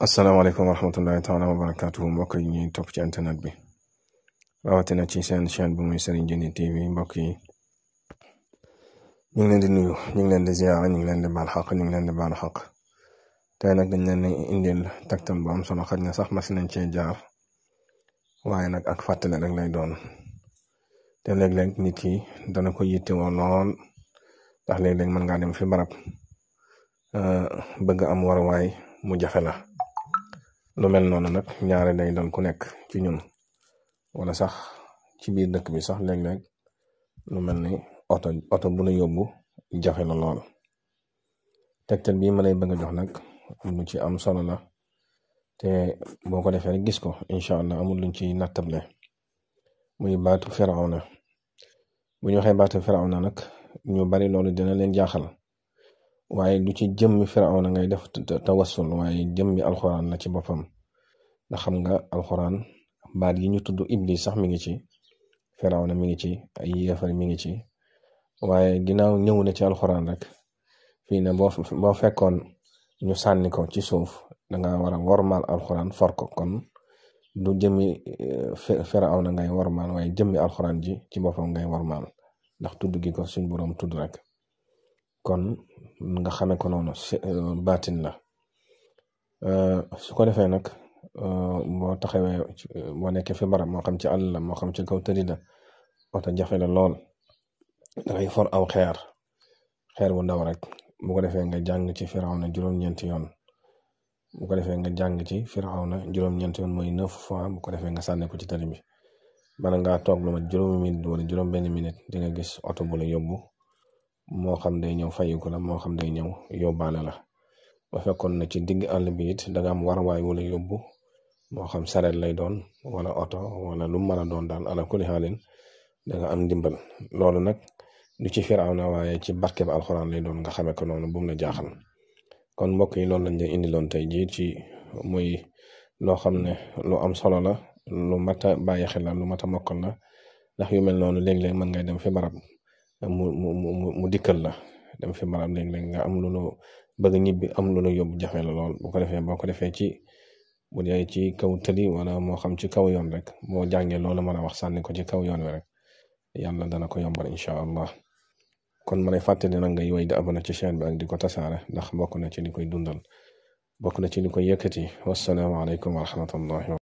asalaamaaleykum wa rahmatullahi taala wa barakaatu mbokk yi ñuy topp ci internet bi rawatina ci seen chaine bi muy Serigne Djily TV mbokk yi ngi leen di nuyu ñu ngi leen di ziara ñu ngi leen di baal xaq ñu ngi leen di baal xaq tey nag dañ leen indil taktam bu am solo xaj na sax mas nañ cee jaar waaye nag ak fàttale rek lay doon te léeg-léeg nit ki dana ko yittewoo lool ndax léeg-léeg mën ngaa dem fi barab euh, bëgg am waruwaay mu jafe la. lu mel noonu nag ñaare day doon ku nekk ci ñun wala sax ci biir dëkk bi sax léeg-léeg lu mel ni oto oto bu la yóbbu jafe la lool tegtal bii ma lay bëgg a jox nag lu ci am solo la te boo ko defee rek gis ko incha allah amul luñ ciy nattable muy baatu firawna bu ñu waxee baatu na nag ñu bari loolu dina leen jaaxal waaye du ci jëmmi firawna ngay def tawassul waaye jëmmi alxuraan la ci boppam ndax xam nga alxuraan baat yi ñu tudd iblis sax mi ngi ci firawna mi ngi ci ay yéefar mi ngi ci waaye ginnaaw ñëw na ci alxuraan rek fii ne boo boo fekkoon ñu sànni ko ci suuf danga war a wormaal alxuraan for ko kon du jëmmi firawna ngay wormaal waaye jëmmi alxuraan ji ci boppam ngay wormaal ndax tudd gi ko suñ boroom tudd rek kon nga xame ko si euh, baatin la euh, su ko defee nag euh, boo taxawee boo nekkee fi barab moo xam ci àll la moo xam ci kaw tëddi la oto jafe la lool dangay for aw xeer xeer bu ndaw rek bu ko defee nga jàng ci firawna juróom-ñeenti yoon bu ko defee nga jàng ci na juróom-ñeenti yoon mooy neuf fois bu ko defee nga sànne ko ci tëri bi bala ngaa toog lu mat juróomi minute wala juróom benn minute di nga gis oto bu la yóbbu moo xam day ñëw fayiku la moo xam day ñëw yóbbaale la ba fekkoon na ci digg àll bi it da nga am warwaay wala yóbbu moo xam sareet lay doon wala oto wala lu mën a doon daal ala kulli xaalin da nga am ndimbal loolu nag du ci firawna waaye ci barke ba alxuraan lay doon nga xame noonu bu mu jaaxal kon mbokk yi loolu lañ leen indiloon tey jii ci muy loo xam ne lu am solo la lu mat bàyyi xel la lu mat a mokkal la ndax yu mel noonu léeg-léeg mën ngay dem fi barab mu mu mu mu dikkal la dama fi maanaam léeg-léeg nga am lu nu bëgg ñibbi am lu nu yóbbu jafe la lool bu ko defee boo ko defee ci bu dee ci kaw tëli wala moo xam ci kaw yoon rek moo jàngee loolu mën a wax sànni ko ci kaw yoon wi rek yàlla dana ko yombal incha allah kon ma lay fàttali nag nga yooyu di abonné ci chaîne bi ak di ko tasaare ndax bokk na ci li koy dundal bokk na ci li koy yëkkati wasalaamaaleykum wa rahmatullahi